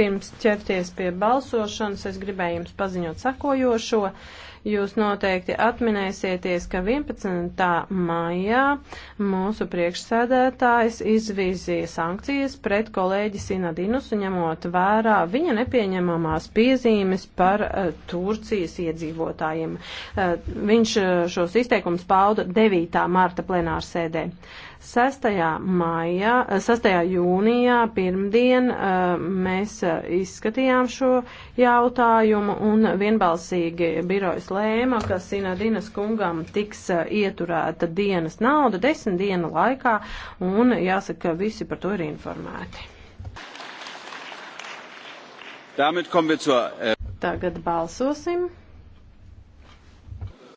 Pirms ķerties pie balsošanas, es gribēju jums paziņot sakojošo. Jūs noteikti atminēsieties, ka 11. maijā mūsu priekšsēdētājs izvīzīja sankcijas pret kolēģi Sinadinus, ņemot vērā viņa nepieņemamās piezīmes par uh, Turcijas iedzīvotājiem. Uh, viņš uh, šos izteikums pauda 9. marta plenārsēdē. 6. Maijā, 6. jūnijā pirmdien mēs izskatījām šo jautājumu un vienbalsīgi birojas lēma, ka Sinadinas kungam tiks uh, ieturēta dienas nauda desmit dienu laikā, un jāsaka, visi par to ir informēti. Äh, Tagad balsosim.